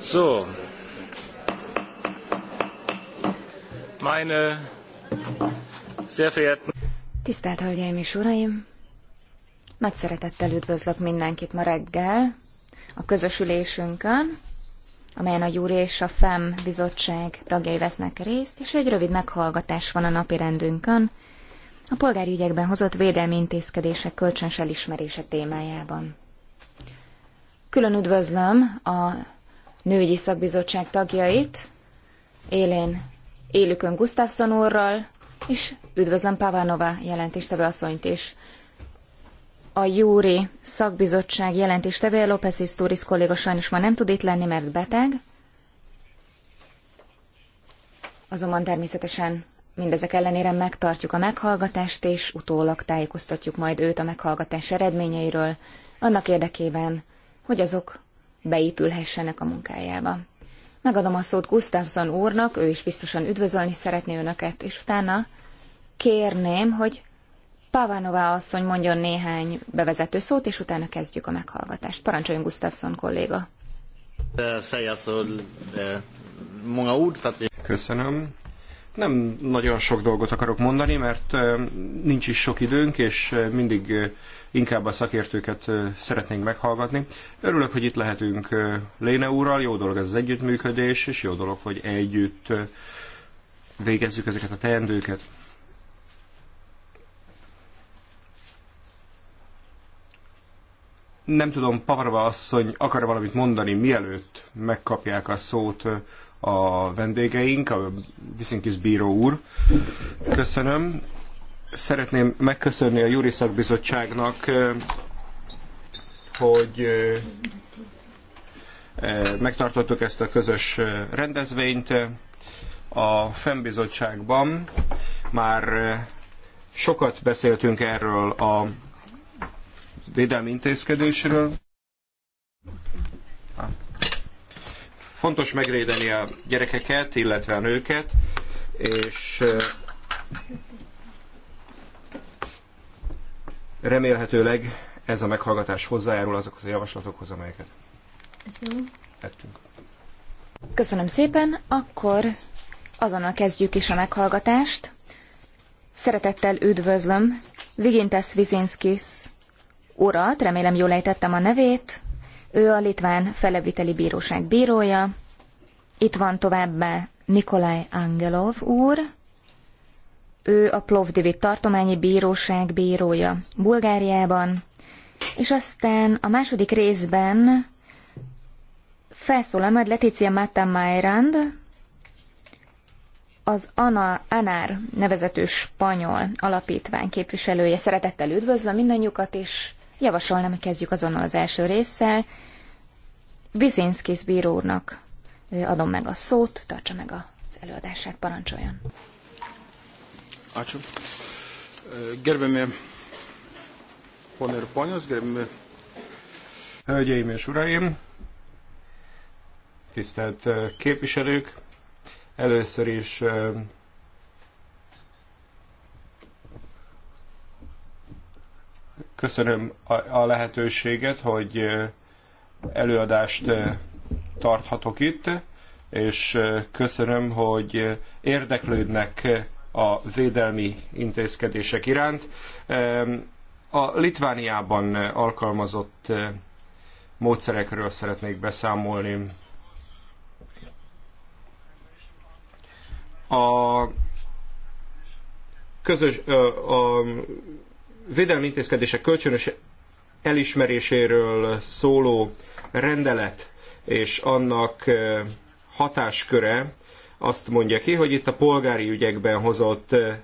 So. Meine sehr verehrten Tisztelt Hölgyeim és Uraim! Nagy szeretettel üdvözlök mindenkit ma reggel a közös ülésünkön, amelyen a Júri és a FEM bizottság tagjai vesznek részt, és egy rövid meghallgatás van a napi rendünkön, a polgári ügyekben hozott védelmi intézkedések kölcsönös elismerése témájában. Külön üdvözlöm a nőgyi szakbizottság tagjait, élén élükön Gustafsson úrral, és üdvözlöm Pavanova jelentéstevő asszonyt is. A Júri szakbizottság jelentéstevője López Isztúris kolléga sajnos ma nem tud itt lenni, mert beteg. Azonban természetesen mindezek ellenére megtartjuk a meghallgatást, és utólag tájékoztatjuk majd őt a meghallgatás eredményeiről, annak érdekében, hogy azok beépülhessenek a munkájába. Megadom a szót Gustafsson úrnak, ő is biztosan üdvözölni szeretné önöket, és utána kérném, hogy Pavanova asszony mondjon néhány bevezető szót, és utána kezdjük a meghallgatást. Parancsoljon Gustafsson kolléga. Eh, eh, Köszönöm. Nem nagyon sok dolgot akarok mondani, mert nincs is sok időnk, és mindig inkább a szakértőket szeretnénk meghallgatni. Örülök, hogy itt lehetünk Léne úrral, jó dolog ez az együttműködés, és jó dolog, hogy együtt végezzük ezeket a teendőket. nem tudom, Pavarva asszony akar valamit mondani, mielőtt megkapják a szót a vendégeink, a Viszinkis bíró úr. Köszönöm. Szeretném megköszönni a Júri Szakbizottságnak, hogy megtartottuk ezt a közös rendezvényt. A FEM bizottságban már sokat beszéltünk erről a védelmi intézkedésről, Fontos megvédeni a gyerekeket, illetve a nőket, és remélhetőleg ez a meghallgatás hozzájárul azokhoz a javaslatokhoz, amelyeket tettünk. Köszönöm szépen, akkor azonnal kezdjük is a meghallgatást. Szeretettel üdvözlöm Vigintes Vizinskis urat, remélem jól ejtettem a nevét, ő a Litván Feleviteli Bíróság bírója. Itt van továbbá Nikolaj Angelov úr, ő a Plovdivi Tartományi Bíróság bírója Bulgáriában, és aztán a második részben felszólal majd Letícia Matamajrand, az ANA, ANÁR nevezető spanyol alapítvány képviselője. Szeretettel üdvözlöm mindannyiukat, és Javasolnám, hogy kezdjük azonnal az első résszel. Vizinskis bíró úrnak adom meg a szót, tartsa meg az előadását, parancsoljon. Ácsú. Gerbemé, ponai ir Gerbemé. Hölgyeim és uraim, tisztelt képviselők, először is Köszönöm a lehetőséget, hogy előadást tarthatok itt, és köszönöm, hogy érdeklődnek a védelmi intézkedések iránt. A Litvániában alkalmazott módszerekről szeretnék beszámolni. A közös, a védelmi intézkedések kölcsönös elismeréséről szóló rendelet és annak eh, hatásköre azt mondja ki, hogy itt a polgári ügyekben hozott eh,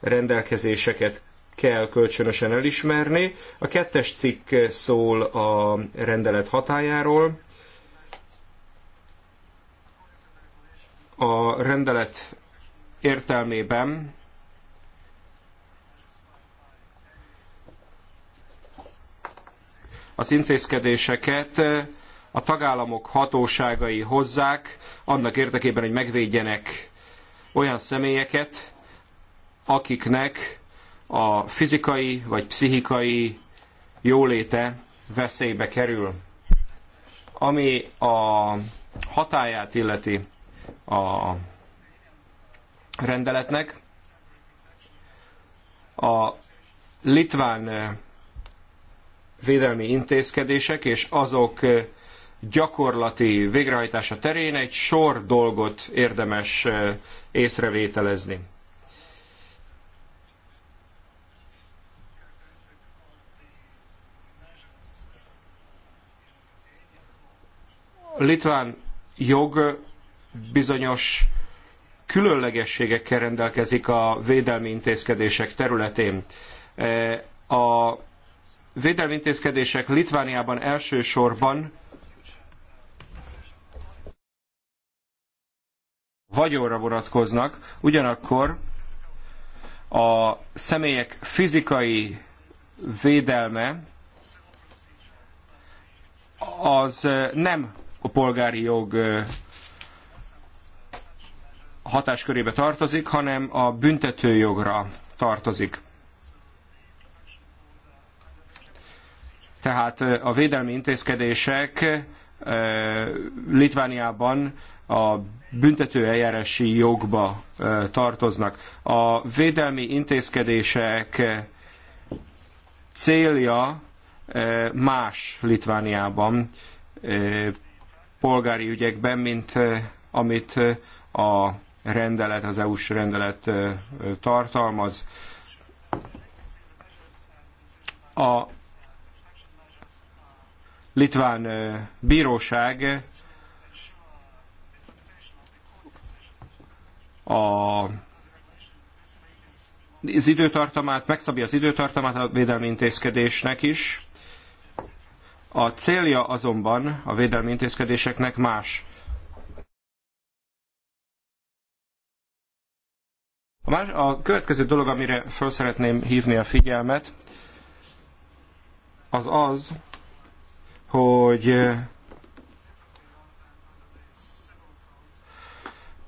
rendelkezéseket kell kölcsönösen elismerni. A kettes cikk szól a rendelet hatájáról. A rendelet értelmében az intézkedéseket eh, a tagállamok hatóságai hozzák annak érdekében, hogy megvédjenek olyan személyeket, akiknek a fizikai vagy pszichikai jóléte veszélybe kerül. Ami a hatáját illeti a rendeletnek, a litván eh, védelmi intézkedések és azok gyakorlati végrehajtása terén egy sor dolgot érdemes észrevételezni. A litván jog bizonyos különlegességekkel rendelkezik a védelmi intézkedések területén. A védelmi intézkedések Litvániában elsősorban vagyonra vonatkoznak, ugyanakkor a személyek fizikai védelme az nem a polgári jog hatáskörébe tartozik, hanem a büntetőjogra tartozik. Tehát a védelmi intézkedések Litvániában a büntető eljárási jogba tartoznak. A védelmi intézkedések célja más Litvániában polgári ügyekben, mint amit a rendelet, az EU-s rendelet tartalmaz. A litván bíróság a az időtartamát, megszabja az időtartamát a védelmi intézkedésnek is. A célja azonban a védelmi intézkedéseknek más. A, más, a következő dolog, amire fel szeretném hívni a figyelmet, az az, hogy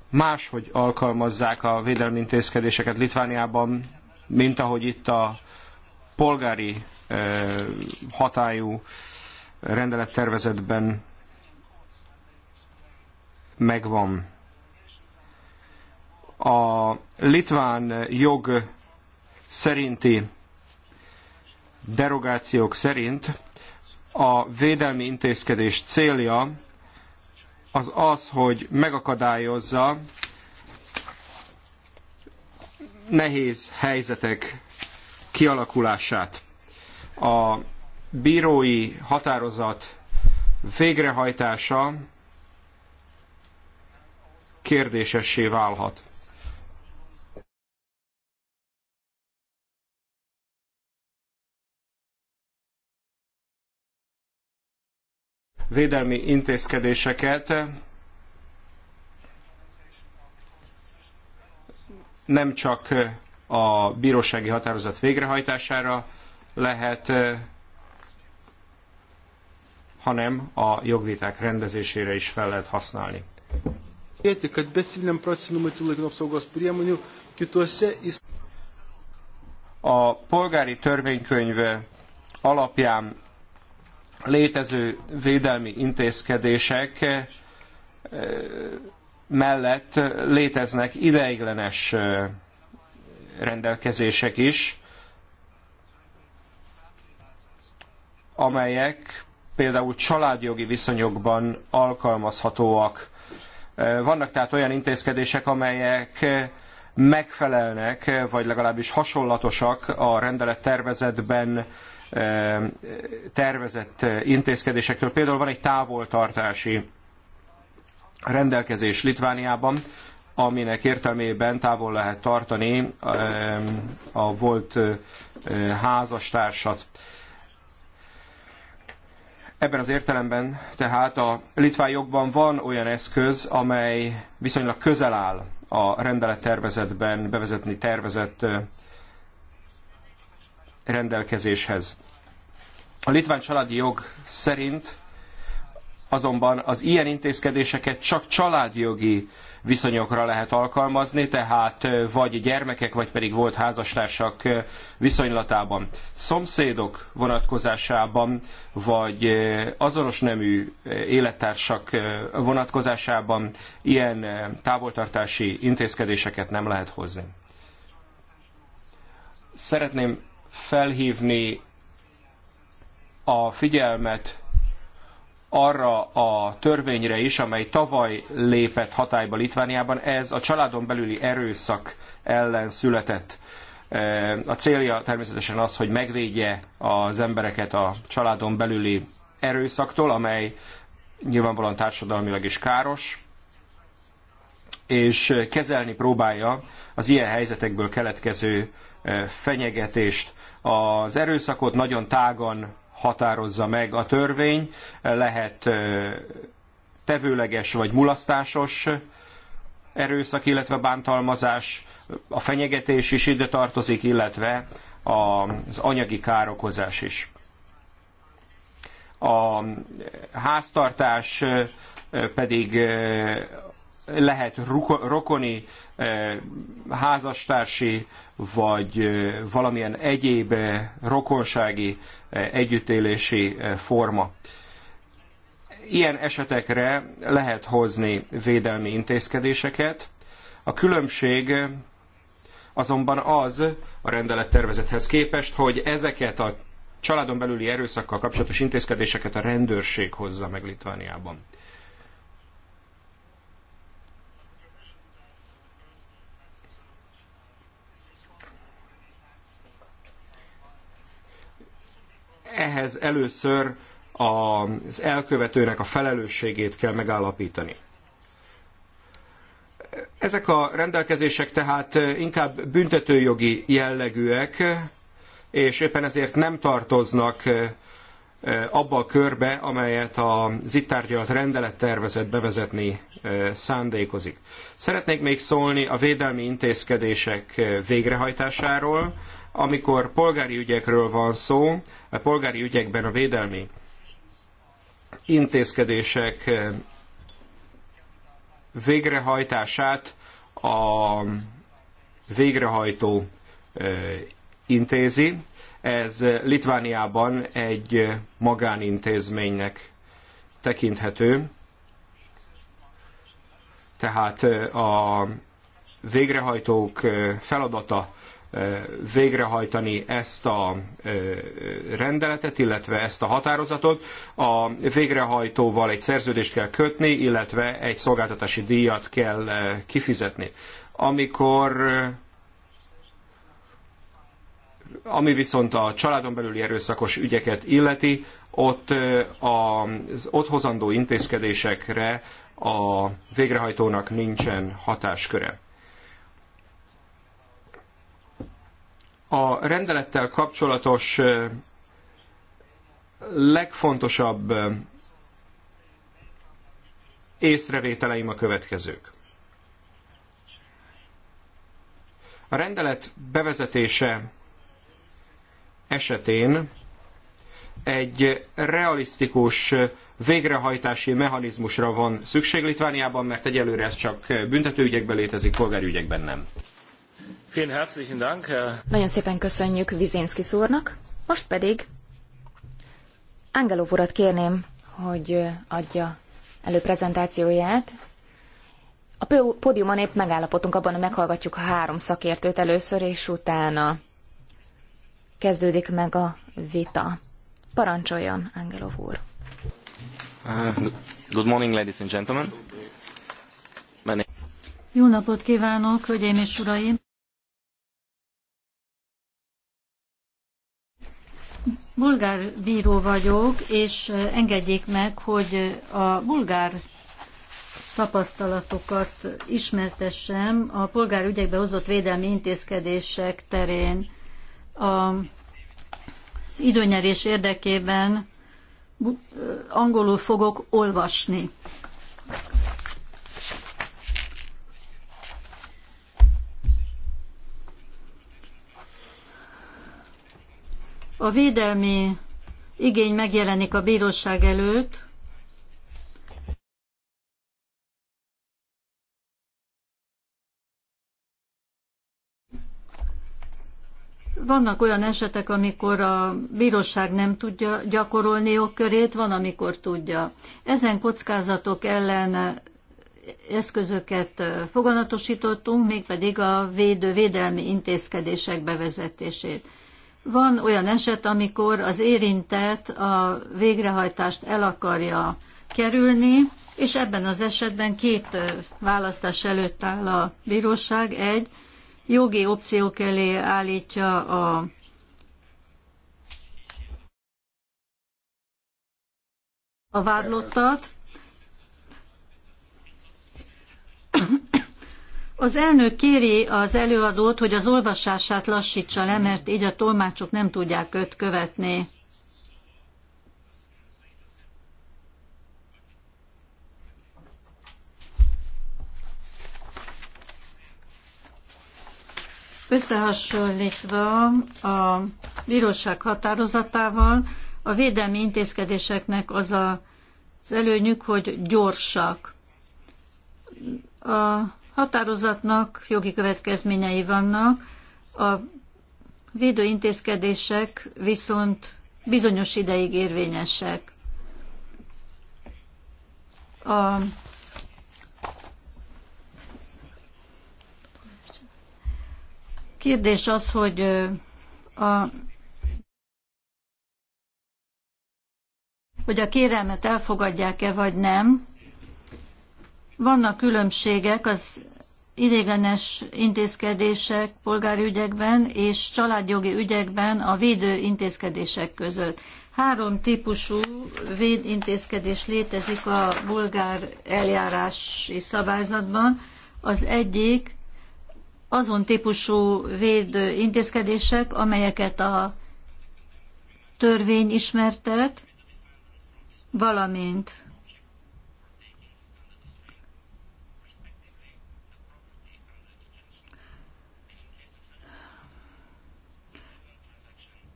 máshogy alkalmazzák a védelmi intézkedéseket Litvániában, mint ahogy itt a polgári hatályú rendelettervezetben megvan. A litván jog szerinti derogációk szerint a védelmi intézkedés célja az az, hogy megakadályozza nehéz helyzetek kialakulását. A bírói határozat végrehajtása kérdésessé válhat. védelmi intézkedéseket nem csak a bírósági határozat végrehajtására lehet, hanem a jogviták rendezésére is fel lehet használni. A polgári törvénykönyv alapján létező védelmi intézkedések eh, mellett léteznek ideiglenes eh, rendelkezések is, amelyek például családjogi viszonyokban alkalmazhatóak. Eh, vannak tehát olyan intézkedések, amelyek megfelelnek, vagy legalábbis hasonlatosak a rendelet tervezetben tervezett intézkedésektől. Például van egy távoltartási rendelkezés Litvániában, aminek értelmében távol lehet tartani a volt házastársat. Ebben az értelemben tehát a litván jogban van olyan eszköz, amely viszonylag közel áll a rendelettervezetben bevezetni tervezett rendelkezéshez. A litván családi jog szerint azonban az ilyen intézkedéseket csak családjogi viszonyokra lehet alkalmazni, tehát vagy gyermekek, vagy pedig volt házastársak viszonylatában. Szomszédok vonatkozásában, vagy azonos nemű élettársak vonatkozásában ilyen távoltartási intézkedéseket nem lehet hozni. Szeretném felhívni a figyelmet arra a törvényre is, amely tavaly lépett hatályba Litvániában, ez a családon belüli erőszak ellen született. E, a célja természetesen az, hogy megvédje az embereket a családon belüli erőszaktól, amely nyilvánvalóan társadalmilag is káros, és kezelni próbálja az ilyen helyzetekből keletkező fenyegetést. Az erőszakot nagyon tágan határozza meg a törvény, lehet tevőleges vagy mulasztásos erőszak, illetve bántalmazás, a fenyegetés is ide tartozik, illetve az anyagi károkozás is. A háztartás pedig lehet rokoni házastársi vagy valamilyen egyéb rokonsági együttélési forma. Ilyen esetekre lehet hozni védelmi intézkedéseket. A különbség azonban az a rendelettervezethez képest, hogy ezeket a családon belüli erőszakkal kapcsolatos intézkedéseket a rendőrség hozza meg Litvániában. ehhez először az elkövetőnek a felelősségét kell megállapítani. Ezek a rendelkezések tehát inkább büntetőjogi jellegűek, és éppen ezért nem tartoznak eh, abba a körbe, amelyet az itt tárgyalt rendelettervezet bevezetni eh, szándékozik. Szeretnék még szólni a védelmi intézkedések eh, végrehajtásáról, amikor polgári ügyekről van szó, a polgári ügyekben a védelmi intézkedések eh, végrehajtását a végrehajtó eh, intézi. Ez Litvániában egy magánintézménynek tekinthető. Tehát eh, a végrehajtók feladata végrehajtani ezt a rendeletet, illetve ezt a határozatot. A végrehajtóval egy szerződést kell kötni, illetve egy szolgáltatási díjat kell kifizetni. Amikor ami viszont a családon belüli erőszakos ügyeket illeti, ott az ott hozandó intézkedésekre a végrehajtónak nincsen hatásköre. A rendelettel kapcsolatos legfontosabb észrevételeim a következők. A rendelet bevezetése esetén egy realisztikus végrehajtási mechanizmusra van szükség Litvániában, mert egyelőre ez csak büntetőügyekben létezik, polgárügyekben nem. Nagyon szépen köszönjük Vizénszki szúrnak. Most pedig Angelov urat kérném, hogy adja elő prezentációját. A pódiumon épp megállapodtunk abban, hogy meghallgatjuk a három szakértőt először, és utána kezdődik meg a vita. Parancsoljon, Angelov úr! Uh, good morning, ladies and gentlemen. Jó napot kívánok, hölgyeim és uraim! Bulgár bíró vagyok, és engedjék meg, hogy a bulgár tapasztalatokat ismertessem a ügyekbe hozott védelmi intézkedések terén. A, az időnyerés érdekében angolul fogok olvasni. A védelmi igény megjelenik a bíróság előtt, Vannak olyan esetek, amikor a bíróság nem tudja gyakorolni jogkörét, van, amikor tudja. Ezen kockázatok ellen eszközöket foganatosítottunk, mégpedig a védő védelmi intézkedések bevezetését. Van olyan eset, amikor az érintett a végrehajtást el akarja kerülni, és ebben az esetben két választás előtt áll a bíróság. Egy, jogi opciók elé állítja a a vádlottat, Az elnök kéri az előadót, hogy az olvasását lassítsa le, mert így a tolmácsok nem tudják őt követni. Összehasonlítva a bíróság határozatával, a védelmi intézkedéseknek az a, az előnyük, hogy gyorsak. A határozatnak jogi következményei vannak, a védőintézkedések viszont bizonyos ideig érvényesek. A kérdés az, hogy a hogy a kérelmet elfogadják-e vagy nem, vannak különbségek az idéglenes intézkedések polgári ügyekben és családjogi ügyekben a védő intézkedések között. Három típusú védintézkedés létezik a bulgár eljárási szabályzatban. Az egyik azon típusú védő intézkedések, amelyeket a törvény ismertet, valamint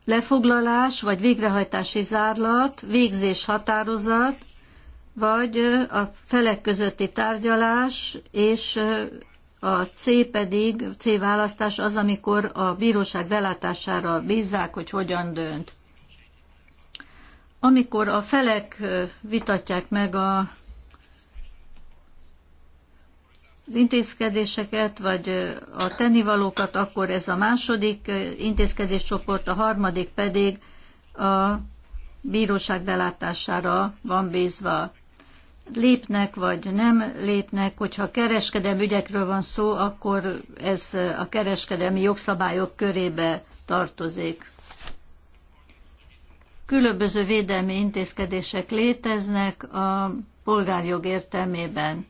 lefoglalás vagy végrehajtási zárlat, végzés határozat, vagy a felek közötti tárgyalás, és a C pedig, C választás az, amikor a bíróság belátására bízzák, hogy hogyan dönt. Amikor a felek vitatják meg a az intézkedéseket, vagy a tennivalókat, akkor ez a második intézkedéscsoport, a harmadik pedig a bíróság belátására van bízva. Lépnek vagy nem lépnek, hogyha kereskedelmi ügyekről van szó, akkor ez a kereskedelmi jogszabályok körébe tartozik. Különböző védelmi intézkedések léteznek a polgárjog értelmében.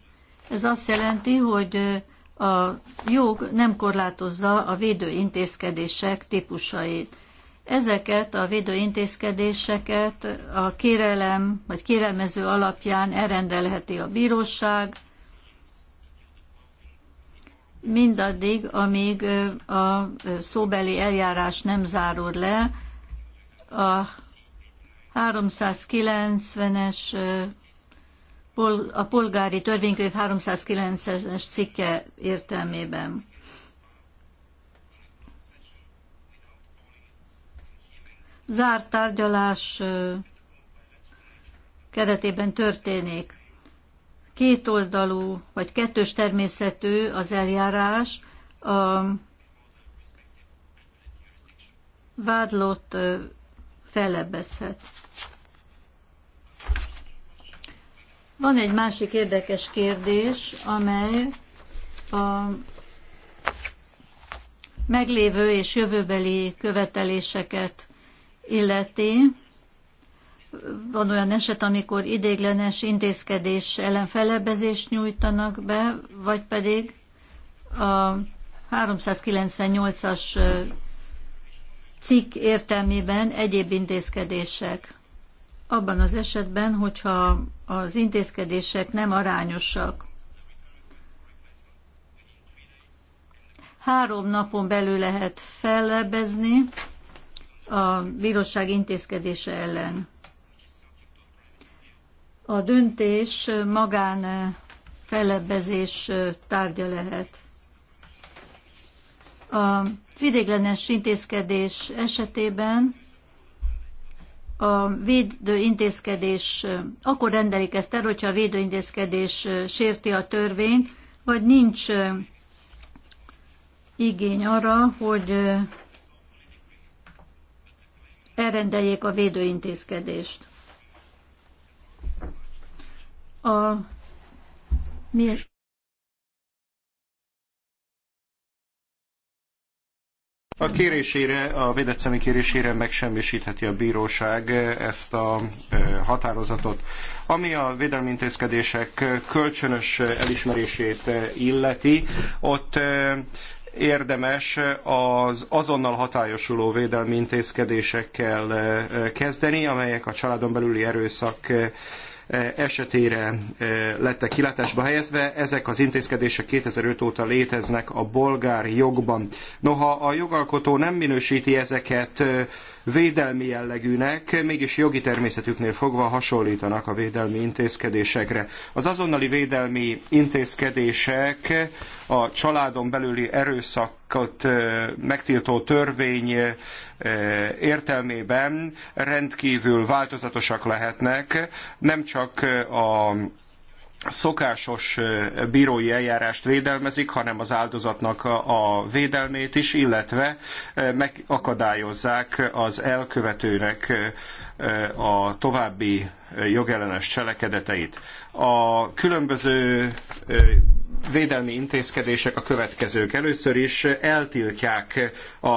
Ez azt jelenti, hogy a jog nem korlátozza a védőintézkedések típusait. Ezeket a védőintézkedéseket a kérelem vagy kérelmező alapján elrendelheti a bíróság, mindaddig, amíg a szóbeli eljárás nem zárul le, a 390-es a polgári törvénykönyv 309-es cikke értelmében. Zárt tárgyalás keretében történik. Kétoldalú vagy kettős természetű az eljárás, a vádlott felebezhet. Van egy másik érdekes kérdés, amely a meglévő és jövőbeli követeléseket illeti. Van olyan eset, amikor idéglenes intézkedés ellen felebezést nyújtanak be, vagy pedig a 398-as cikk értelmében egyéb intézkedések abban az esetben, hogyha az intézkedések nem arányosak. Három napon belül lehet fellebezni a bíróság intézkedése ellen. A döntés magán fellebezés tárgya lehet. A ideiglenes intézkedés esetében a védőintézkedés, akkor rendelik ezt el, hogyha a védőintézkedés sérti a törvényt, vagy nincs igény arra, hogy elrendeljék a védőintézkedést. A mi A kérésére, a védett személy kérésére megsemmisítheti a bíróság eh, ezt a eh, határozatot. Ami a védelmi intézkedések kölcsönös eh, elismerését illeti, ott érdemes az azonnal hatályosuló védelmi intézkedésekkel kezdeni, amelyek a családon belüli erőszak E, esetére e, lettek kilátásba helyezve. Ezek az intézkedések 2005 óta léteznek a bolgár jogban. Noha a jogalkotó nem minősíti ezeket e, védelmi jellegűnek, mégis jogi természetüknél fogva hasonlítanak a védelmi intézkedésekre. Az azonnali védelmi intézkedések a családon belüli erőszakot megtiltó törvény értelmében rendkívül változatosak lehetnek, nem csak a szokásos bírói eljárást védelmezik, hanem az áldozatnak a védelmét is, illetve megakadályozzák az elkövetőnek a további jogellenes cselekedeteit. A különböző védelmi intézkedések a következők. Először is eltiltják a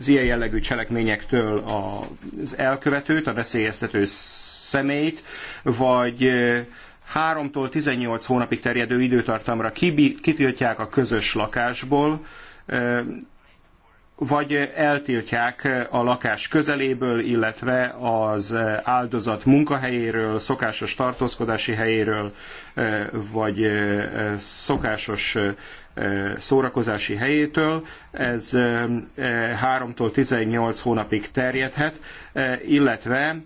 az ilyen jellegű cselekményektől az elkövetőt, a veszélyeztető személyt, vagy 3-tól 18 hónapig terjedő időtartamra kitiltják a közös lakásból, vagy eltiltják a lakás közeléből, illetve az áldozat munkahelyéről, szokásos tartózkodási helyéről, vagy szokásos szórakozási helyétől, ez 3-tól 18 hónapig terjedhet, illetve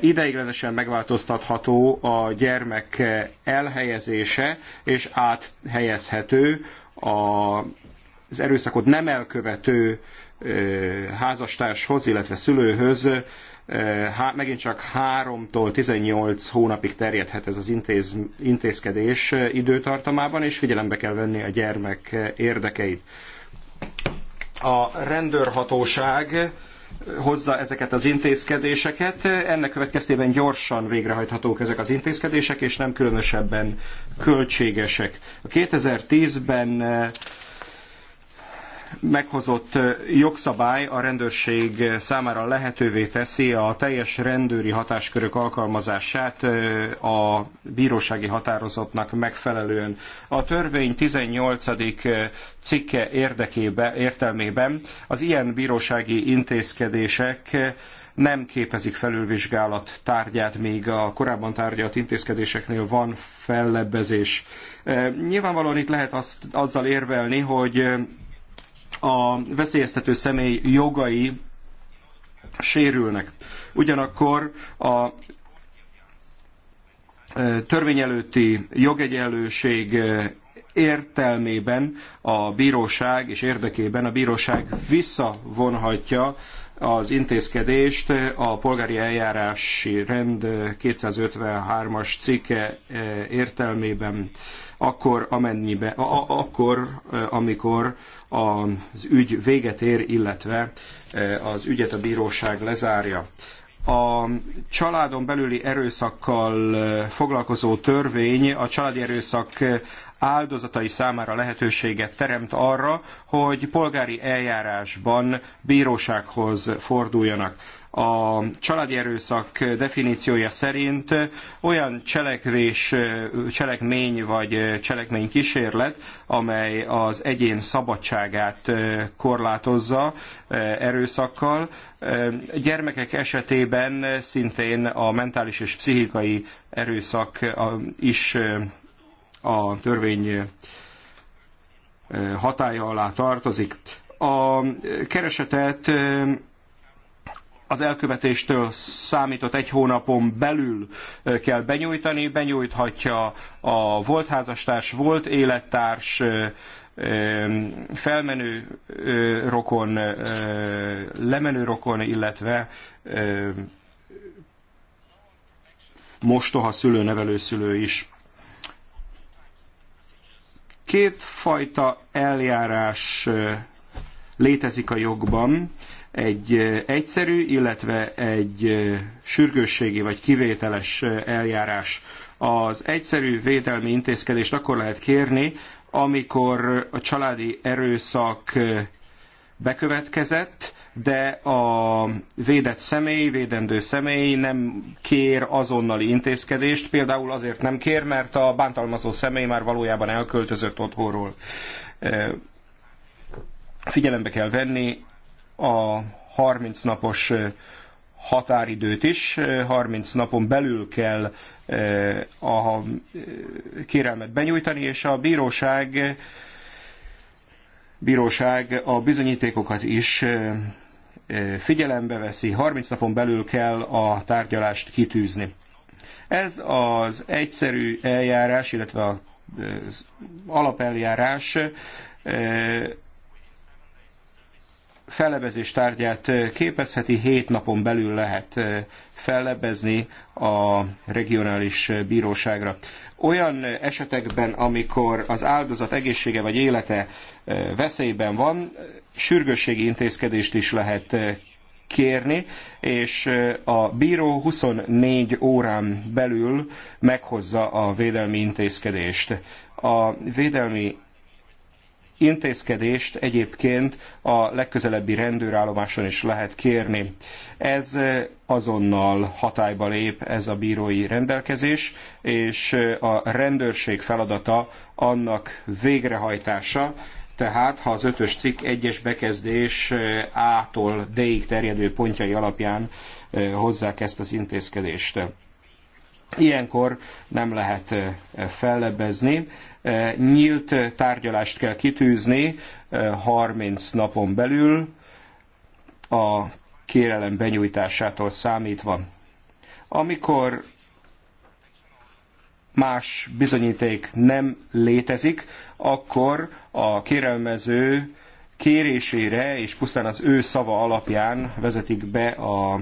ideiglenesen megváltoztatható a gyermek elhelyezése, és áthelyezhető az erőszakot nem elkövető házastárshoz, illetve szülőhöz megint csak 3-tól 18 hónapig terjedhet ez az intéz, intézkedés időtartamában, és figyelembe kell venni a gyermek érdekeit. A rendőrhatóság hozza ezeket az intézkedéseket. Ennek következtében gyorsan végrehajthatók ezek az intézkedések, és nem különösebben költségesek. A 2010-ben meghozott jogszabály a rendőrség számára lehetővé teszi a teljes rendőri hatáskörök alkalmazását a bírósági határozatnak megfelelően. A törvény 18. cikke érdekébe, értelmében az ilyen bírósági intézkedések nem képezik felülvizsgálat tárgyát, még a korábban tárgyalt intézkedéseknél van fellebbezés. Nyilvánvalóan itt lehet azt, azzal érvelni, hogy a veszélyeztető személy jogai sérülnek. Ugyanakkor a törvény előtti jogegyenlőség értelmében a bíróság és érdekében a bíróság visszavonhatja az intézkedést a polgári eljárási rend 253-as cikke eh, értelmében akkor, amennyibe, a, akkor, eh, amikor az ügy véget ér, illetve eh, az ügyet a bíróság lezárja. A családon belüli erőszakkal foglalkozó törvény a családi erőszak áldozatai számára lehetőséget teremt arra, hogy polgári eljárásban bírósághoz forduljanak. A családi erőszak definíciója szerint olyan cselekvés, cselekmény vagy cselekménykísérlet, amely az egyén szabadságát korlátozza erőszakkal, Gyermekek esetében szintén a mentális és pszichikai erőszak is a törvény eh, hatája alá tartozik. A keresetet eh, az elkövetéstől számított egy hónapon belül eh, kell benyújtani, benyújthatja a volt házastárs, volt élettárs, felmenő rokon, lemenő rokon, illetve mostoha szülő, nevelő szülő is. Két fajta eljárás létezik a jogban, egy egyszerű, illetve egy sürgősségi vagy kivételes eljárás. Az egyszerű védelmi intézkedést akkor lehet kérni, amikor a családi erőszak bekövetkezett, de a védett személy, védendő személy nem kér azonnali intézkedést, például azért nem kér, mert a bántalmazó személy már valójában elköltözött otthonról. Figyelembe kell venni a 30 napos határidőt is, 30 napon belül kell a kérelmet benyújtani, és a bíróság bíróság a bizonyítékokat is figyelembe veszi, 30 napon belül kell a tárgyalást kitűzni. Ez az egyszerű eljárás, illetve az alapeljárás fellebezés tárgyát képezheti, hét napon belül lehet fellebezni a regionális bíróságra. Olyan esetekben, amikor az áldozat egészsége vagy élete veszélyben van, sürgősségi intézkedést is lehet kérni, és a bíró 24 órán belül meghozza a védelmi intézkedést. A védelmi intézkedést egyébként a legközelebbi rendőrállomáson is lehet kérni. Ez eh, azonnal hatályba lép ez a bírói rendelkezés, és eh, a rendőrség feladata annak végrehajtása, tehát ha az ötös cikk egyes bekezdés eh, A-tól D-ig terjedő pontjai alapján hozzák ezt az intézkedést. Ilyenkor nem lehet fellebbezni, Nyílt tárgyalást kell kitűzni 30 napon belül a kérelem benyújtásától számítva. Amikor más bizonyíték nem létezik, akkor a kérelmező kérésére és pusztán az ő szava alapján vezetik be a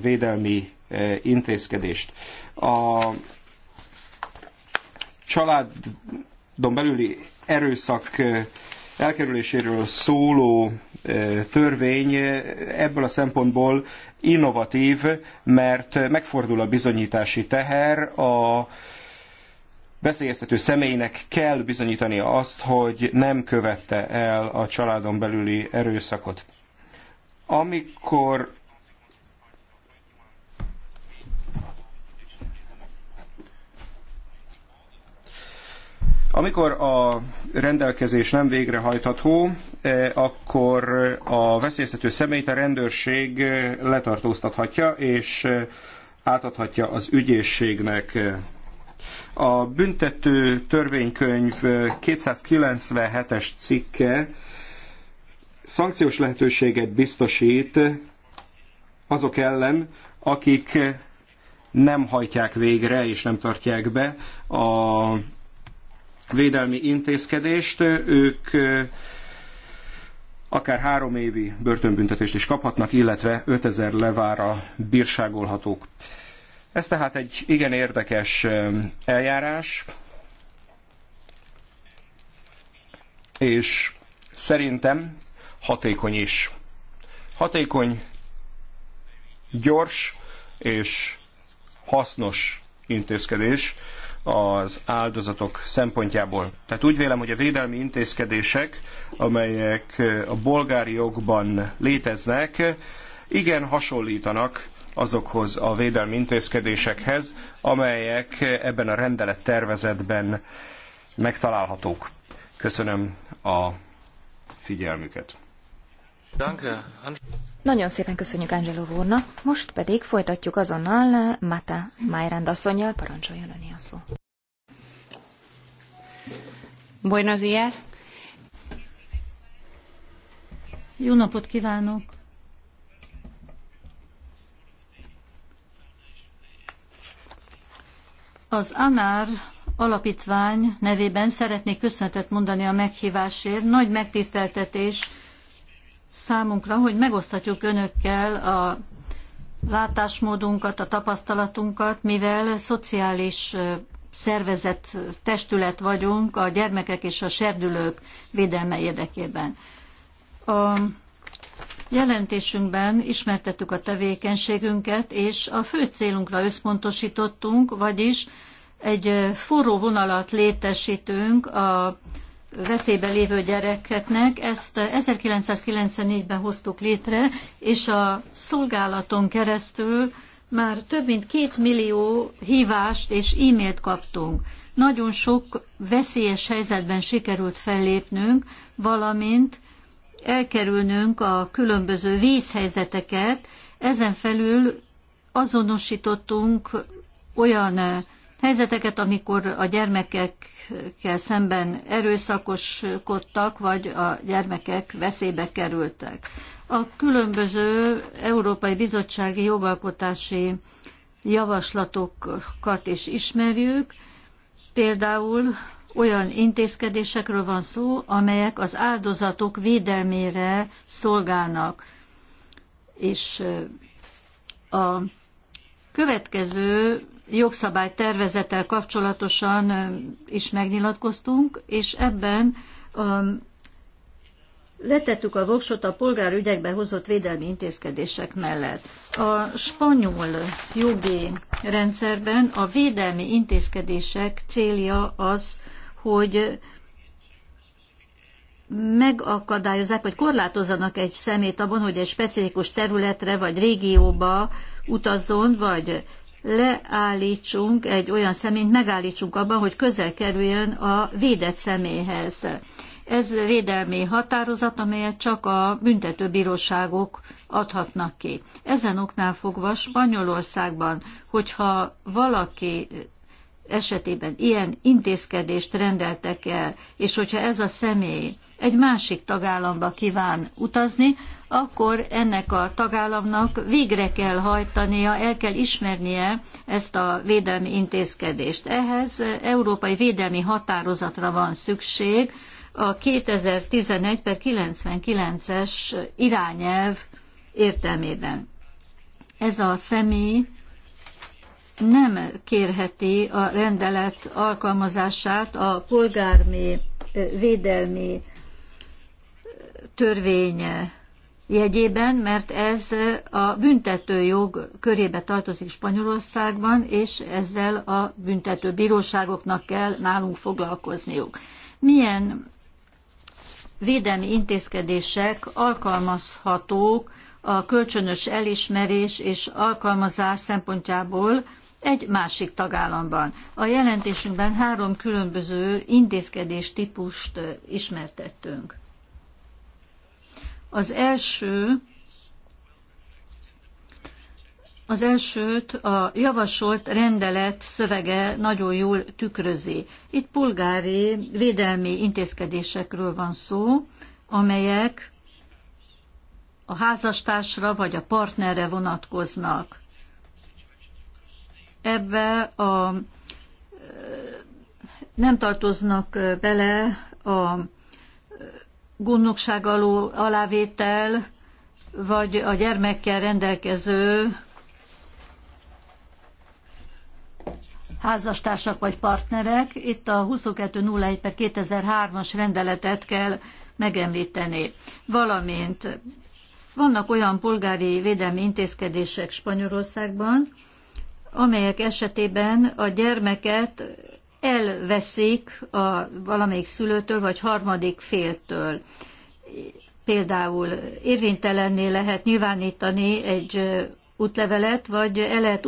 védelmi intézkedést. A család belüli erőszak elkerüléséről szóló törvény ebből a szempontból innovatív, mert megfordul a bizonyítási teher, a veszélyeztető személynek kell bizonyítania azt, hogy nem követte el a családon belüli erőszakot. Amikor Amikor a rendelkezés nem végrehajtható, eh, akkor a veszélyeztető személyt a rendőrség eh, letartóztathatja és eh, átadhatja az ügyészségnek. A büntető törvénykönyv 297-es cikke szankciós lehetőséget biztosít azok ellen, akik nem hajtják végre és nem tartják be a védelmi intézkedést, ők akár három évi börtönbüntetést is kaphatnak, illetve 5000 levára bírságolhatók. Ez tehát egy igen érdekes eljárás, és szerintem hatékony is. Hatékony, gyors és hasznos intézkedés az áldozatok szempontjából. Tehát úgy vélem, hogy a védelmi intézkedések, amelyek a bolgári jogban léteznek, igen hasonlítanak azokhoz a védelmi intézkedésekhez, amelyek ebben a rendelettervezetben megtalálhatók. Köszönöm a figyelmüket. Nagyon szépen köszönjük Angelo úrnak, most pedig folytatjuk azonnal Mata Májrend asszonyjal, parancsoljon öné a szó. Buenos días. Jó napot kívánok! Az ANÁR alapítvány nevében szeretnék köszönetet mondani a meghívásért. Nagy megtiszteltetés számunkra, hogy megosztatjuk önökkel a látásmódunkat, a tapasztalatunkat, mivel szociális szervezet, testület vagyunk a gyermekek és a serdülők védelme érdekében. A jelentésünkben ismertettük a tevékenységünket, és a fő célunkra összpontosítottunk, vagyis egy forró vonalat létesítünk a veszélybe lévő gyerekeknek. Ezt 1994-ben hoztuk létre, és a szolgálaton keresztül már több mint két millió hívást és e-mailt kaptunk. Nagyon sok veszélyes helyzetben sikerült fellépnünk, valamint elkerülnünk a különböző vízhelyzeteket. ezen felül azonosítottunk olyan helyzeteket, amikor a gyermekekkel szemben erőszakoskodtak, vagy a gyermekek veszélybe kerültek. A különböző Európai Bizottsági jogalkotási javaslatokat is ismerjük, például olyan intézkedésekről van szó, amelyek az áldozatok védelmére szolgálnak. És a következő jogszabály tervezettel kapcsolatosan is megnyilatkoztunk, és ebben um, letettük a voksot a polgárügyekbe hozott védelmi intézkedések mellett. A spanyol jogi rendszerben a védelmi intézkedések célja az, hogy megakadályozzák, vagy korlátozzanak egy szemét abban, hogy egy specifikus területre vagy régióba utazzon, vagy leállítsunk egy olyan személyt, megállítsunk abban, hogy közel kerüljön a védett személyhez. Ez védelmi határozat, amelyet csak a büntetőbíróságok adhatnak ki. Ezen oknál fogva Spanyolországban, hogyha valaki esetében ilyen intézkedést rendeltek el, és hogyha ez a személy egy másik tagállamba kíván utazni, akkor ennek a tagállamnak végre kell hajtania, el kell ismernie ezt a védelmi intézkedést. Ehhez európai védelmi határozatra van szükség, a 2011 per 99-es irányelv értelmében. Ez a személy nem kérheti a rendelet alkalmazását a polgármi védelmi törvény jegyében, mert ez a büntető jog körébe tartozik Spanyolországban, és ezzel a büntető bíróságoknak kell nálunk foglalkozniuk. Milyen védelmi intézkedések alkalmazhatók a kölcsönös elismerés és alkalmazás szempontjából egy másik tagállamban. A jelentésünkben három különböző intézkedés típust ismertettünk. Az első az elsőt a javasolt rendelet szövege nagyon jól tükrözi. Itt polgári védelmi intézkedésekről van szó, amelyek a házastársra vagy a partnerre vonatkoznak. Ebbe a, nem tartoznak bele a gondnokság alul alávétel, vagy a gyermekkel rendelkező házastársak vagy partnerek. Itt a 2201 per 2003-as rendeletet kell megemlíteni. Valamint vannak olyan polgári védelmi intézkedések Spanyolországban, amelyek esetében a gyermeket elveszik a valamelyik szülőtől vagy harmadik féltől. Például érvénytelenné lehet nyilvánítani egy útlevelet, vagy el lehet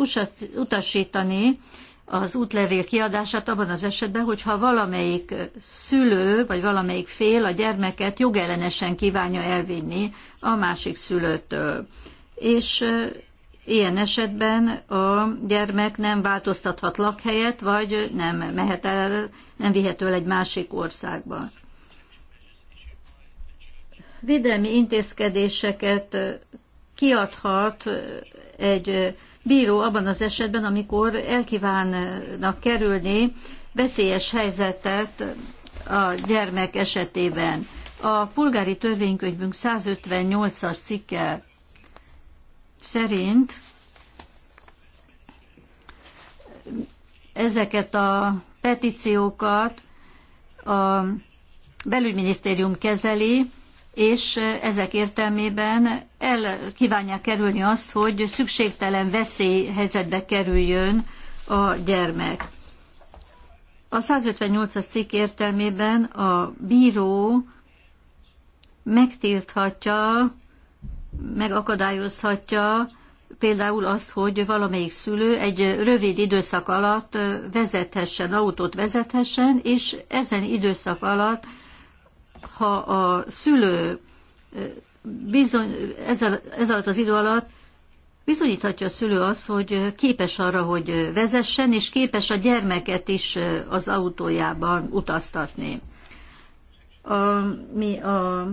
utasítani az útlevél kiadását abban az esetben, hogyha valamelyik szülő vagy valamelyik fél a gyermeket jogellenesen kívánja elvinni a másik szülőtől. És Ilyen esetben a gyermek nem változtathat lakhelyet, vagy nem mehet el, nem vihető el egy másik országba. Védelmi intézkedéseket kiadhat egy bíró abban az esetben, amikor elkívánnak kerülni veszélyes helyzetet a gyermek esetében. A polgári törvénykönyvünk 158-as cikkel szerint ezeket a petíciókat a belügyminisztérium kezeli, és ezek értelmében el kívánják kerülni azt, hogy szükségtelen veszélyhelyzetbe kerüljön a gyermek. A 158-as cikk értelmében a bíró megtilthatja megakadályozhatja például azt, hogy valamelyik szülő egy rövid időszak alatt vezethessen, autót vezethessen, és ezen időszak alatt, ha a szülő bizony, ez, ez alatt az idő alatt bizonyíthatja a szülő az, hogy képes arra, hogy vezessen, és képes a gyermeket is az autójában utaztatni. A, mi a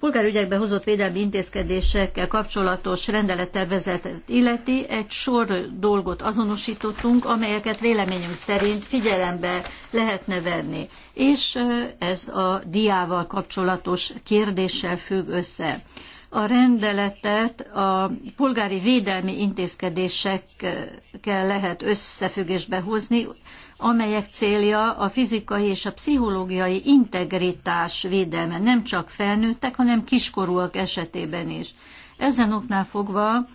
polgárügyekbe hozott védelmi intézkedésekkel kapcsolatos rendelettervezetet illeti, egy sor dolgot azonosítottunk, amelyeket véleményünk szerint figyelembe lehetne venni. És ez a diával kapcsolatos kérdéssel függ össze. A rendeletet a polgári védelmi intézkedésekkel lehet összefüggésbe hozni, amelyek célja a fizikai és a pszichológiai integritás védelme, nem csak felnőttek, hanem kiskorúak esetében is. Ezen oknál fogva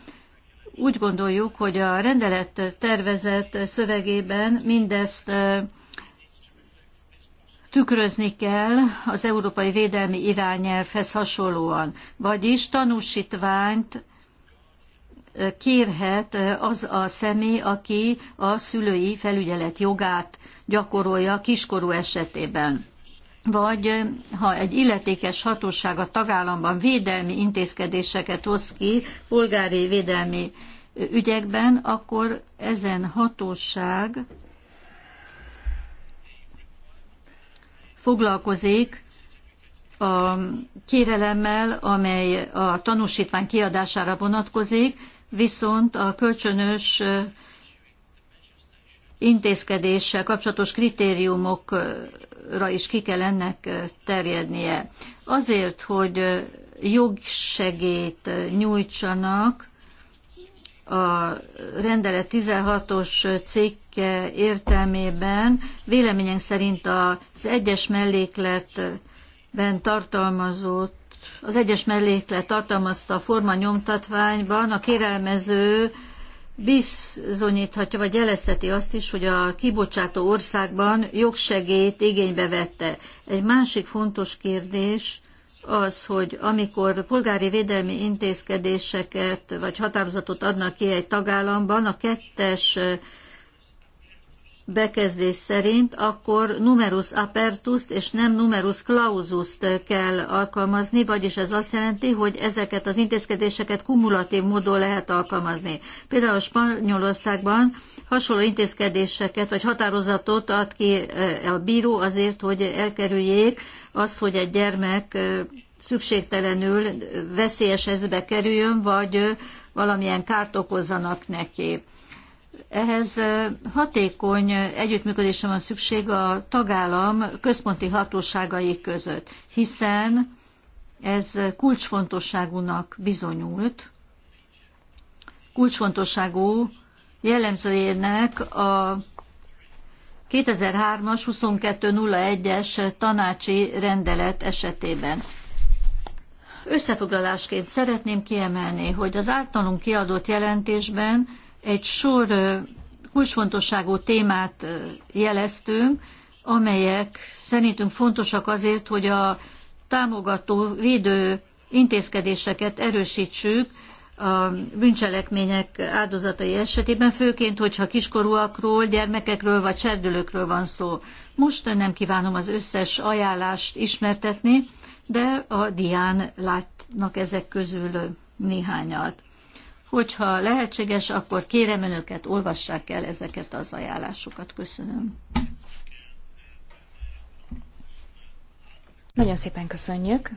úgy gondoljuk, hogy a rendelet tervezett szövegében mindezt tükrözni kell az Európai Védelmi Irányelvhez hasonlóan, vagyis tanúsítványt kérhet az a személy, aki a szülői felügyelet jogát gyakorolja kiskorú esetében vagy ha egy illetékes hatóság a tagállamban védelmi intézkedéseket hoz ki polgári védelmi ügyekben, akkor ezen hatóság foglalkozik a kérelemmel, amely a tanúsítvány kiadására vonatkozik, viszont a kölcsönös intézkedéssel kapcsolatos kritériumokra is ki kell ennek terjednie. Azért, hogy jogsegét nyújtsanak, a rendelet 16-os cikke értelmében véleményen szerint az egyes mellékletben tartalmazott az egyes melléklet tartalmazta a forma nyomtatványban a kérelmező bizonyíthatja vagy jelezheti azt is, hogy a kibocsátó országban jogsegélyt igénybe vette. Egy másik fontos kérdés az, hogy amikor polgári védelmi intézkedéseket vagy határozatot adnak ki egy tagállamban, a kettes bekezdés szerint, akkor numerus apertust és nem numerus clausust kell alkalmazni, vagyis ez azt jelenti, hogy ezeket az intézkedéseket kumulatív módon lehet alkalmazni. Például Spanyolországban hasonló intézkedéseket vagy határozatot ad ki eh, a bíró azért, hogy elkerüljék azt, hogy egy gyermek eh, szükségtelenül veszélyes ezbe kerüljön, vagy eh, valamilyen kárt okozzanak neki. Ehhez hatékony együttműködésre van szükség a tagállam központi hatóságai között, hiszen ez kulcsfontosságúnak bizonyult, kulcsfontosságú jellemzőjének a 2003-as 2201-es tanácsi rendelet esetében. Összefoglalásként szeretném kiemelni, hogy az általunk kiadott jelentésben egy sor kulcsfontosságú témát jeleztünk, amelyek szerintünk fontosak azért, hogy a támogató, védő intézkedéseket erősítsük a bűncselekmények áldozatai esetében, főként, hogyha kiskorúakról, gyermekekről vagy cserdülőkről van szó. Most nem kívánom az összes ajánlást ismertetni, de a dián látnak ezek közül néhányat. Hogyha lehetséges, akkor kérem önöket, olvassák el ezeket az ajánlásokat. Köszönöm. Nagyon szépen köszönjük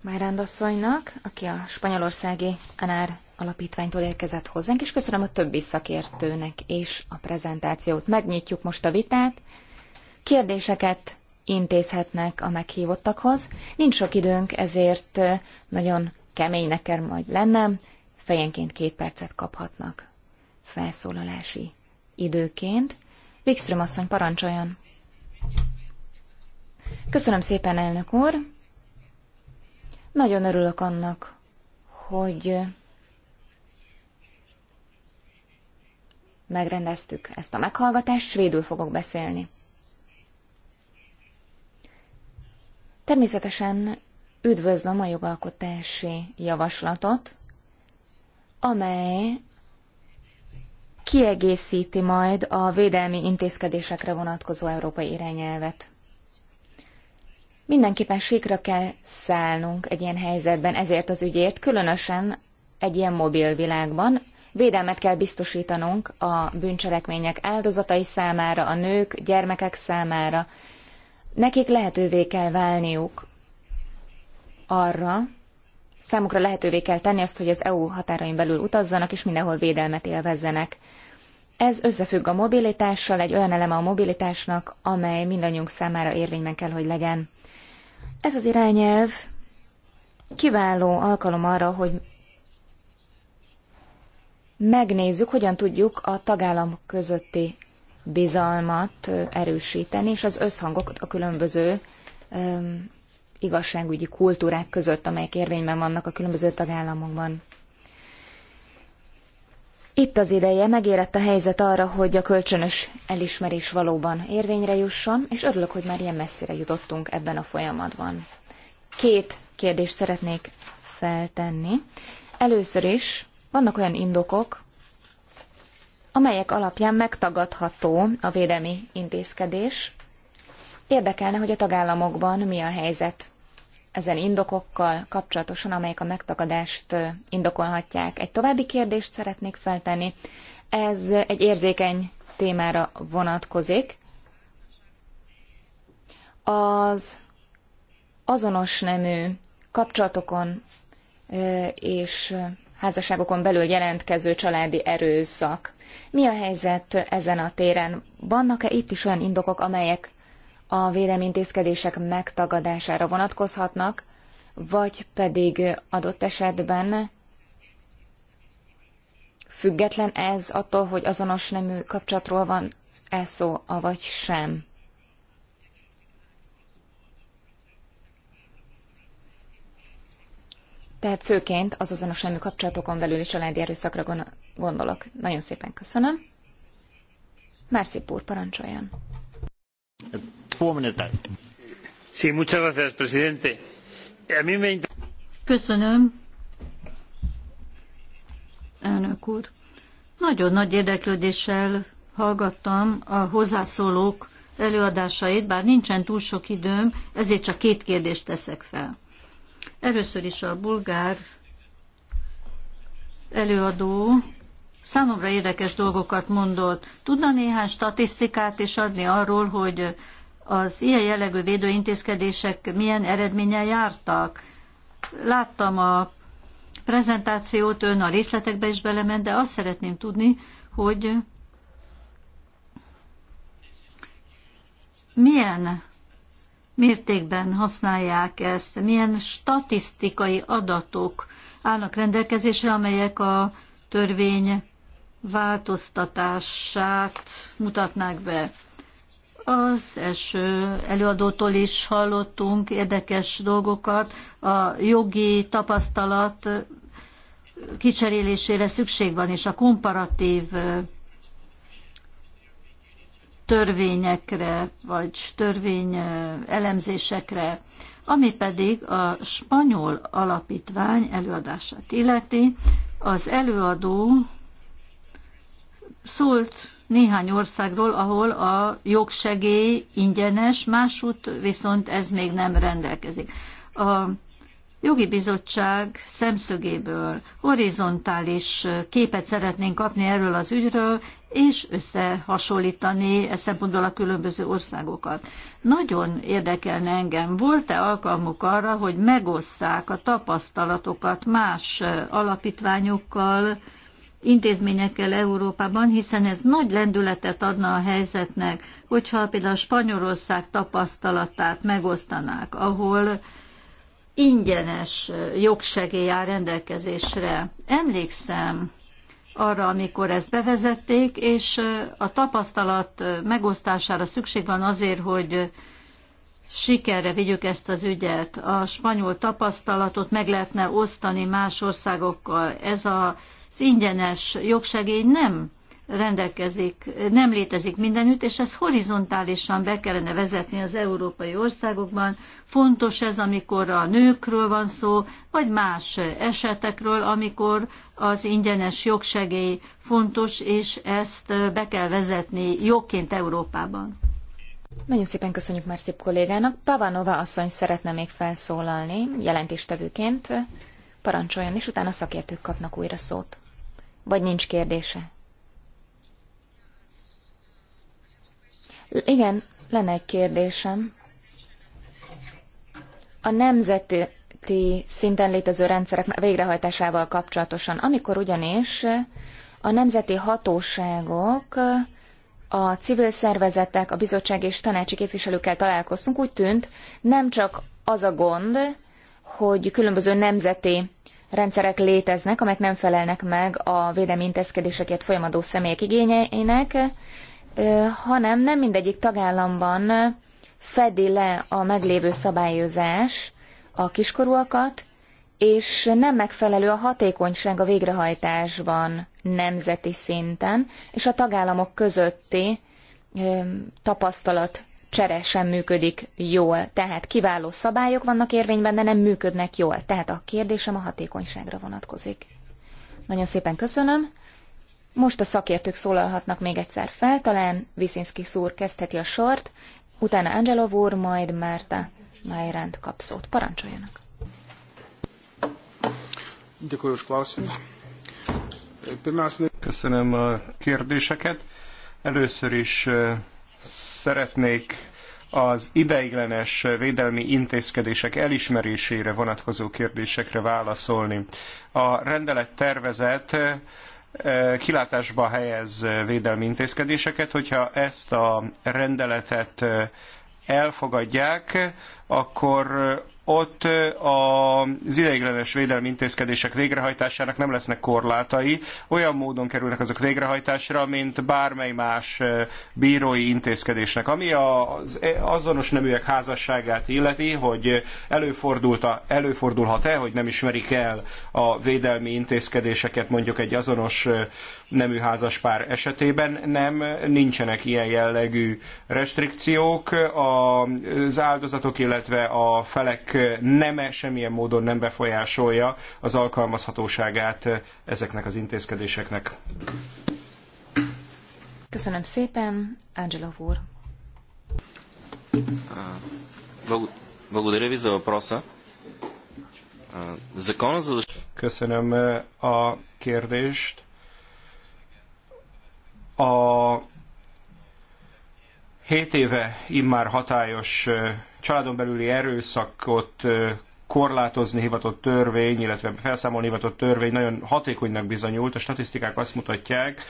Márándasszonynak, aki a spanyolországi Anár alapítványtól érkezett hozzánk, és köszönöm a többi szakértőnek és a prezentációt. Megnyitjuk most a vitát. Kérdéseket intézhetnek a meghívottakhoz. Nincs sok időnk, ezért nagyon keménynek nekem majd lennem, fejenként két percet kaphatnak felszólalási időként. Wikström asszony, parancsoljon! Köszönöm szépen, elnök úr! Nagyon örülök annak, hogy megrendeztük ezt a meghallgatást, svédül fogok beszélni. Természetesen Üdvözlöm a jogalkotási javaslatot, amely kiegészíti majd a védelmi intézkedésekre vonatkozó európai irányelvet. Mindenképpen síkra kell szállnunk egy ilyen helyzetben ezért az ügyért, különösen egy ilyen mobil világban. Védelmet kell biztosítanunk a bűncselekmények áldozatai számára, a nők, gyermekek számára. Nekik lehetővé kell válniuk arra, számukra lehetővé kell tenni azt, hogy az EU határain belül utazzanak és mindenhol védelmet élvezzenek. Ez összefügg a mobilitással, egy olyan eleme a mobilitásnak, amely mindannyiunk számára érvényben kell, hogy legyen. Ez az irányelv kiváló alkalom arra, hogy megnézzük, hogyan tudjuk a tagállamok közötti bizalmat erősíteni, és az összhangot a különböző igazságügyi kultúrák között, amelyek érvényben vannak a különböző tagállamokban. Itt az ideje, megérett a helyzet arra, hogy a kölcsönös elismerés valóban érvényre jusson, és örülök, hogy már ilyen messzire jutottunk ebben a folyamatban. Két kérdést szeretnék feltenni. Először is vannak olyan indokok, amelyek alapján megtagadható a védelmi intézkedés. Érdekelne, hogy a tagállamokban mi a helyzet ezen indokokkal kapcsolatosan, amelyek a megtakadást indokolhatják. Egy további kérdést szeretnék feltenni. Ez egy érzékeny témára vonatkozik. Az azonos nemű kapcsolatokon és házasságokon belül jelentkező családi erőszak. Mi a helyzet ezen a téren? Vannak-e itt is olyan indokok, amelyek a intézkedések megtagadására vonatkozhatnak, vagy pedig adott esetben független ez attól, hogy azonos nemű kapcsolatról van e szó, avagy sem. Tehát főként az azonos nemű kapcsolatokon belüli családi erőszakra gondolok. Nagyon szépen köszönöm. Márszép úr, parancsoljon! Köszönöm. Elnök úr. Nagyon nagy érdeklődéssel hallgattam a hozzászólók előadásait, bár nincsen túl sok időm, ezért csak két kérdést teszek fel. Először is a bulgár előadó számomra érdekes dolgokat mondott. Tudna néhány statisztikát is adni arról, hogy az ilyen jellegű védőintézkedések milyen eredménnyel jártak. Láttam a prezentációt, ön a részletekbe is belement, de azt szeretném tudni, hogy milyen mértékben használják ezt, milyen statisztikai adatok állnak rendelkezésre, amelyek a törvény változtatását mutatnák be. Az első előadótól is hallottunk érdekes dolgokat. A jogi tapasztalat kicserélésére szükség van, és a komparatív törvényekre, vagy törvény elemzésekre, ami pedig a spanyol alapítvány előadását illeti. Az előadó szólt néhány országról, ahol a jogsegély ingyenes, másút viszont ez még nem rendelkezik. A jogi bizottság szemszögéből horizontális képet szeretnénk kapni erről az ügyről, és összehasonlítani e szempontból a különböző országokat. Nagyon érdekelne engem, volt-e alkalmuk arra, hogy megosszák a tapasztalatokat más alapítványokkal, intézményekkel Európában, hiszen ez nagy lendületet adna a helyzetnek, hogyha például a Spanyolország tapasztalatát megosztanák, ahol ingyenes jogsegély áll rendelkezésre. Emlékszem arra, amikor ezt bevezették, és a tapasztalat megosztására szükség van azért, hogy sikerre vigyük ezt az ügyet. A spanyol tapasztalatot meg lehetne osztani más országokkal. Ez a az ingyenes jogsegély nem rendelkezik, nem létezik mindenütt, és ezt horizontálisan be kellene vezetni az európai országokban. Fontos ez, amikor a nőkről van szó, vagy más esetekről, amikor az ingyenes jogsegély fontos, és ezt be kell vezetni jogként Európában. Nagyon szépen köszönjük már szép kollégának. Pavanova asszony szeretne még felszólalni jelentéstevőként. Parancsoljon, és utána szakértők kapnak újra szót. Vagy nincs kérdése? Igen, lenne egy kérdésem. A nemzeti szinten létező rendszerek végrehajtásával kapcsolatosan, amikor ugyanis a nemzeti hatóságok a civil szervezetek, a bizottság és tanácsi képviselőkkel találkoztunk, úgy tűnt, nem csak az a gond, hogy különböző nemzeti rendszerek léteznek, amelyek nem felelnek meg a védelmi intézkedéseket folyamadó személyek igényeinek, hanem nem mindegyik tagállamban fedi le a meglévő szabályozás a kiskorúakat, és nem megfelelő a hatékonyság a végrehajtásban nemzeti szinten, és a tagállamok közötti tapasztalat csere sem működik jól. Tehát kiváló szabályok vannak érvényben, de nem működnek jól. Tehát a kérdésem a hatékonyságra vonatkozik. Nagyon szépen köszönöm. Most a szakértők szólalhatnak még egyszer fel, talán Viszinski szúr kezdheti a sort, utána Angelo úr, majd Márta Májránt kap szót. Parancsoljanak! Köszönöm a kérdéseket. Először is eh, szeretnék az ideiglenes védelmi intézkedések elismerésére vonatkozó kérdésekre válaszolni. A rendelet tervezet eh, kilátásba helyez védelmi intézkedéseket, hogyha ezt a rendeletet eh, elfogadják, akkor ott az ideiglenes védelmi intézkedések végrehajtásának nem lesznek korlátai, olyan módon kerülnek azok végrehajtásra, mint bármely más bírói intézkedésnek. Ami az e- azonos neműek házasságát illeti, hogy előfordulta, előfordulhat-e, hogy nem ismerik el a védelmi intézkedéseket mondjuk egy azonos nemű házaspár esetében, nem, nincsenek ilyen jellegű restrikciók. Az áldozatok, illetve a felek nem, semmilyen módon nem befolyásolja az alkalmazhatóságát ezeknek az intézkedéseknek. Köszönöm szépen, Angelo úr. Благодаря ви за въпроса. Köszönöm a kérdést. A 7 éve immár hatályos családon belüli erőszakot korlátozni hivatott törvény, illetve felszámolni hivatott törvény nagyon hatékonynak bizonyult. A statisztikák azt mutatják,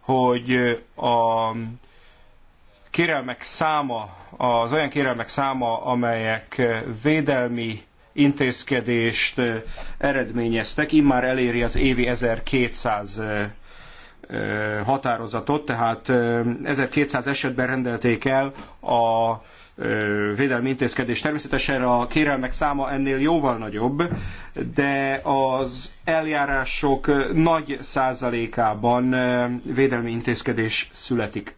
hogy a kérelmek száma, az olyan kérelmek száma, amelyek védelmi intézkedést eredményeztek, immár eléri az évi 1200 határozatot, tehát 1200 esetben rendelték el a védelmi intézkedés. Természetesen a kérelmek száma ennél jóval nagyobb, de az eljárások nagy százalékában védelmi intézkedés születik.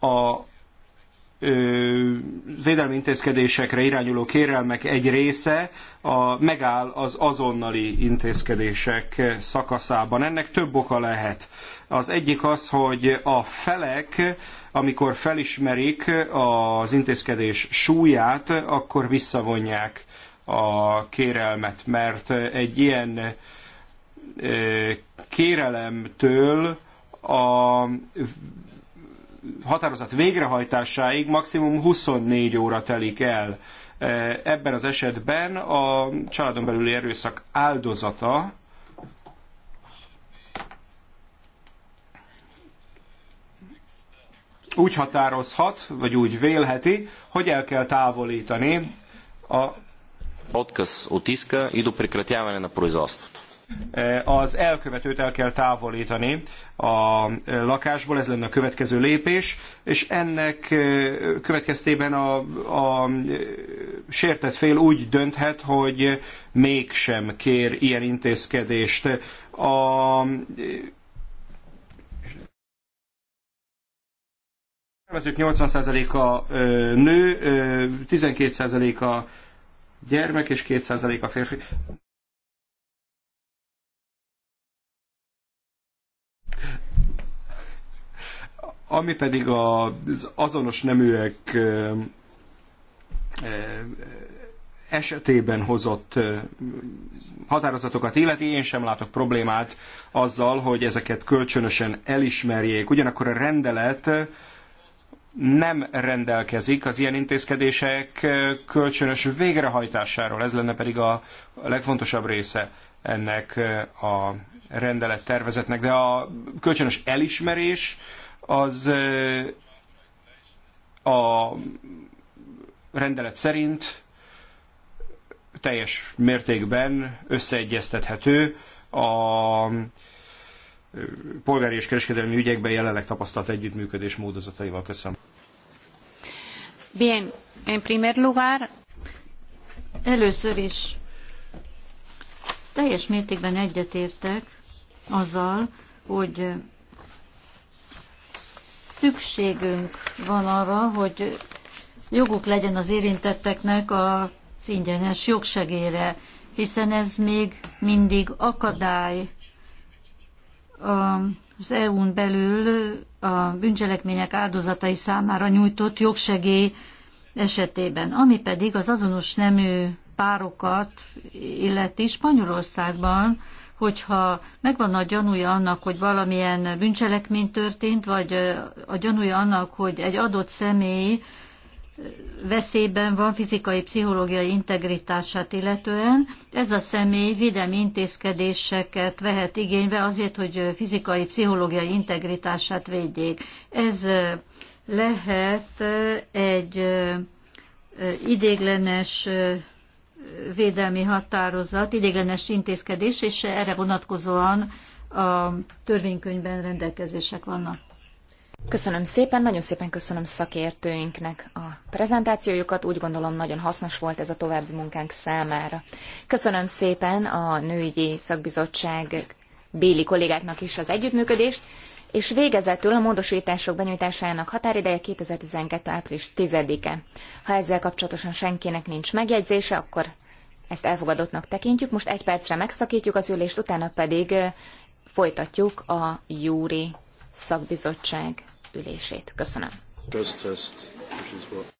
A védelmi intézkedésekre irányuló kérelmek egy része a, megáll az azonnali intézkedések szakaszában. Ennek több oka lehet. Az egyik az, hogy a felek, amikor felismerik az intézkedés súlyát, akkor visszavonják a kérelmet, mert egy ilyen kérelemtől a határozat végrehajtásáig maximum 24 óra telik el. E, ebben az esetben a családon belüli erőszak áldozata úgy határozhat, vagy úgy vélheti, hogy el kell távolítani a отказ от иска и до прекратяване на производството. Eh, az elkövetőt el kell távolítani a eh, lakásból, ez lenne a következő lépés, és ennek eh, következtében a, a sértett fél úgy dönthet, hogy mégsem kér ilyen intézkedést. A tervezők 80%-a nő, 12%-a gyermek és 2% a férfi. Ami pedig az azonos neműek esetében hozott határozatokat illeti, én sem látok problémát azzal, hogy ezeket kölcsönösen elismerjék. Ugyanakkor a rendelet nem rendelkezik az ilyen intézkedések kölcsönös végrehajtásáról. Ez lenne pedig a legfontosabb része ennek a rendelet tervezetnek. De a kölcsönös elismerés az a rendelet szerint teljes mértékben összeegyeztethető a polgári és kereskedelmi ügyekben jelenleg tapasztalt együttműködés módozataival. Köszönöm. Bien, en primer lugar... Először is teljes mértékben egyetértek azzal, hogy szükségünk van arra, hogy joguk legyen az érintetteknek az ingyenes jogsegére, hiszen ez még mindig akadály az EU-n belül a bűncselekmények áldozatai számára nyújtott jogsegély esetében, ami pedig az azonos nemű párokat illeti Spanyolországban hogyha megvan a gyanúja annak, hogy valamilyen bűncselekmény történt, vagy a gyanúja annak, hogy egy adott személy veszélyben van fizikai, pszichológiai integritását illetően. Ez a személy védelmi intézkedéseket vehet igénybe azért, hogy fizikai, pszichológiai integritását védjék. Ez lehet egy idéglenes védelmi határozat, idéglenes intézkedés, és erre vonatkozóan a törvénykönyvben rendelkezések vannak. Köszönöm szépen, nagyon szépen köszönöm szakértőinknek a prezentációjukat, úgy gondolom nagyon hasznos volt ez a további munkánk számára. Köszönöm szépen a Nőügyi Szakbizottság béli kollégáknak is az együttműködést, és végezetül a módosítások benyújtásának határideje 2012. április 10-e. Ha ezzel kapcsolatosan senkinek nincs megjegyzése, akkor ezt elfogadottnak tekintjük. Most egy percre megszakítjuk az ülést, utána pedig folytatjuk a júri szakbizottság ülését. Köszönöm. Test, test.